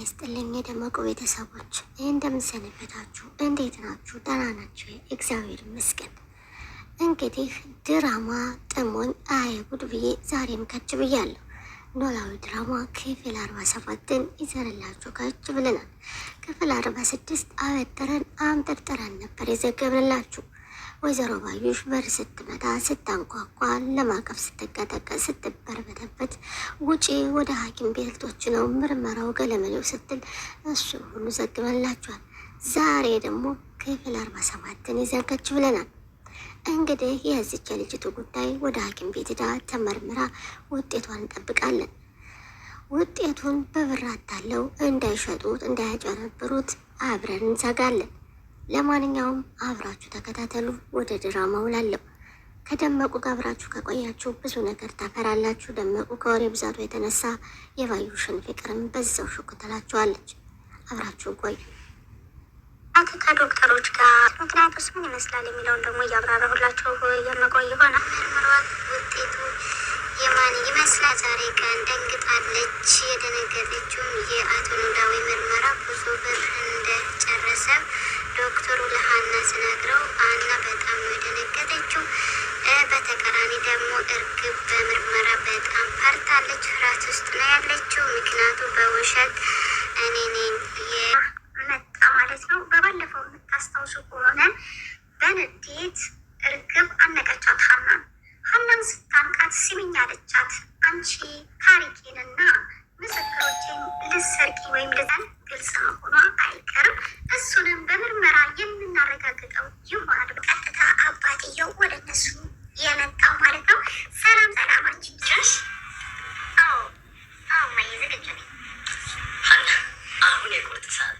ያስጥልኝ የደመቁ ቤተሰቦች እንደምሰንበታችሁ እንዴት ናችሁ? ደህና ናቸው፣ እግዚአብሔር ይመስገን። እንግዲህ ድራማ ጥሞን አይ ብዬ ዛሬም ከች ብያለሁ። ኖላዊ ድራማ ክፍል አርባ ሰባትን ይዘንላችሁ ከች ብለናል። ክፍል አርባ ስድስት አበጥረን አምጠርጥረን ነበር የዘገብንላችሁ። ወይዘሮ ባዩሽ በር ስትመታ ስታንኳኳ ለማቀፍ ስትቀጠቀ ስትበርበተበት ውጪ ወደ ሐኪም ቤት ነው ምርመራው ገለመሌው ስትል እሱ ሁሉ ዘግበላችኋል። ዛሬ ደግሞ ክፍል አርባ ሰባትን ይዘጋች ብለናል። እንግዲህ የዚች የልጅቱ ጉዳይ ወደ ሐኪም ቤት ዳ ተመርምራ ውጤቷን እንጠብቃለን። ውጤቱን በብር አታለው እንዳይሸጡት እንዳያጨረብሩት አብረን እንዘጋለን። ለማንኛውም አብራችሁ ተከታተሉ። ወደ ድራማው ላለው ከደመቁ ጋር አብራችሁ ከቆያችሁ ብዙ ነገር ታፈራላችሁ። ደመቁ ከወሬ ብዛቱ የተነሳ የባዩሽን ፍቅርም በዛው ሽኩትላችኋለች። አብራችሁ ቆዩ። እናንተ ከዶክተሮች ጋር ምክንያቱስ ምን ይመስላል የሚለውን ደግሞ እያብራራሁላችሁ የምቆይ ይሆናል። መርመሯት ውጤቱ የማን ይመስላል? ዛሬ ቀን ደንግጣለች። የደነገጠችውም የአቶ ኖላዊ ምርመራ ብዙ ብር እንደጨረሰ ዶክተሩ ለሀና ስነግረው ሀና በጣም ነው የደነገጠችው። በተቃራኒ ደግሞ እርግብ በምርመራ በጣም ፈርታለች፣ ፍርሃት ውስጥ ነው ያለችው። ምክንያቱ በውሸት እኔ ነኝ መጣ ማለት ነው። በባለፈው የምታስታውሱ ከሆነ በንዴት እርግብ አነቀቻት ሀናን። ሀናን ስታንቃት ሲሚኝ አለቻት። አንቺ ታሪኬንና ምስክሮችን ልሰርቂ ወይም ልዘን ግልጽ መሆኗ አይቀርም እሱንም የምናረጋግጠው ይሆናል። ቀጥታ አባትየው ወደ እነሱ የመጣው ማለት ነው። ሰላም ሰላማችን አንቺ ድረሽ? አዎ አሁን የቁርጥ ሰዓት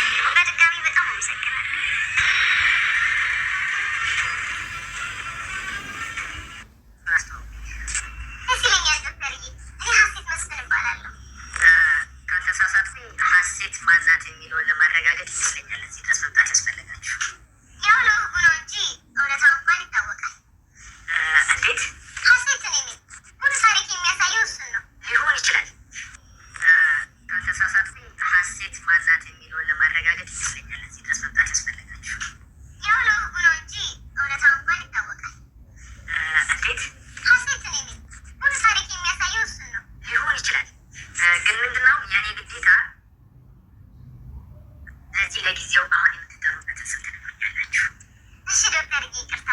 ስለዚህ ለጊዜው አሁን የምትጠሩበትን ስልክ ትነግሩኛላችሁ። እሺ ዶክተር፣ ይቅርታ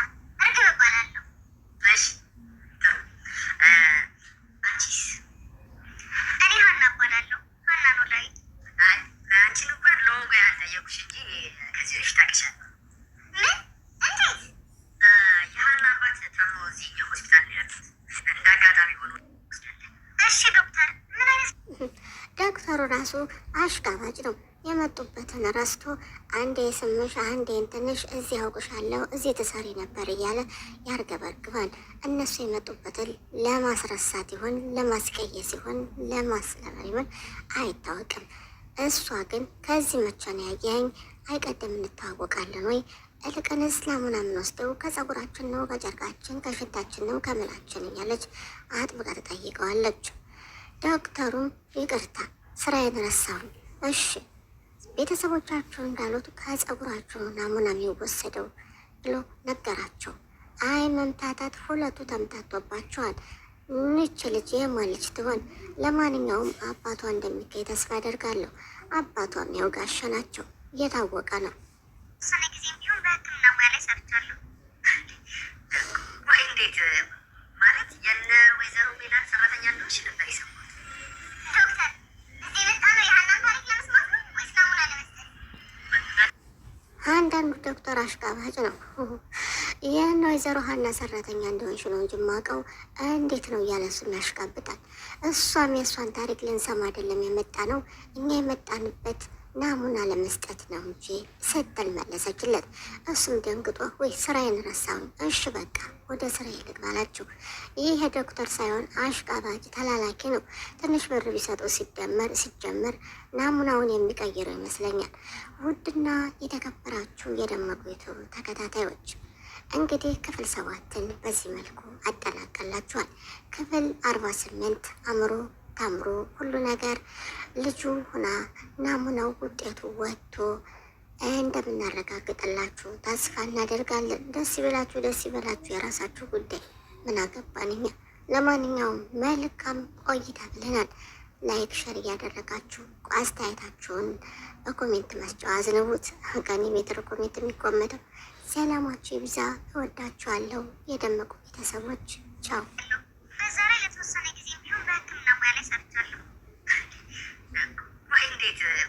ዶክተሩ ራሱ አሽቃባጭ ነው። የመጡበትን ረስቶ አንዴ ስምሽ አንዴ እንትንሽ እዚህ ያውቅሻለሁ እዚህ ተሰሪ ነበር እያለ ያርገበርግባል። እነሱ የመጡበትን ለማስረሳት ይሆን ለማስቀየስ ይሆን ለማስለመር ይሆን አይታወቅም። እሷ ግን ከዚህ መቼ ነው ያየኸኝ? አይቀድም እንታወቃለን ወይ እልቅን እስላሙን የምንወስደው ከጸጉራችን ነው ከጨርቃችን ከሽታችን ነው ከምላችን እያለች አጥብቃ ትጠይቀዋለች። ዶክተሩም ይቅርታ ስራ ረሳሁኝ። እሺ ቤተሰቦቻችሁ እንዳሉት ከፀጉራችሁ ናሙና የሚወሰደው ብሎ ነገራቸው። አይ መምታታት ሁለቱ ተምታቶባቸዋል። ንች ልጅ የማን ልጅ ትሆን? ለማንኛውም አባቷ እንደሚገኝ ተስፋ አደርጋለሁ። አባቷም ያው ጋሻ ናቸው፣ እየታወቀ ነው። ማለት የነ ወይዘሮ ሜላት ሰራተኛ እንደሆነች ነበር የሰማሁት ዶክተር አንዳንዱ ዶክተር አሽቃባጭ ነው። ይህን ወይዘሮ ሀና ሰራተኛ እንደሆንሽ ነው እንጂ የማውቀው እንዴት ነው እያለ እሱም ያሽቃብጣል። እሷም የእሷን ታሪክ ልንሰማ አይደለም የመጣ ነው እኛ የመጣንበት ናሙና ለመስጠት ነው እንጂ ስትል መለሰችለት። እሱም ደንግጦ ወይ ስራዬን ረሳሁኝ፣ እሺ በቃ ወደ ስራ ልግባ አላችሁ። ይህ የዶክተር ሳይሆን አሽቃባጭ ተላላኪ ነው። ትንሽ ብር ቢሰጠው ሲደመር ሲጀመር ናሙናውን የሚቀይረው ይመስለኛል። ውድና የተከበራችሁ የደመቁ ዩቱብ ተከታታዮች እንግዲህ ክፍል ሰባትን በዚህ መልኩ አጠናቀላችኋል። ክፍል አርባ ስምንት አእምሮ አታምሮ ሁሉ ነገር ልጁ ሁና ናሙናው ውጤቱ ወጥቶ እንደምናረጋግጥላችሁ ተስፋ እናደርጋለን። ደስ ይበላችሁ፣ ደስ ይበላችሁ። የራሳችሁ ጉዳይ ምን አገባን እኛ። ለማንኛውም መልካም ቆይታ ብለናል። ላይክ ሸር እያደረጋችሁ አስተያየታችሁን በኮሜንት መስጫው አዝንቡት ሀጋኒ የሜትር ኮሜንት የሚቆመደው ሰላማችሁ ይብዛ። እወዳችኋለሁ የደመቁ ቤተሰቦች ቻው። በላይ ሰርቻለሁ። እንዴት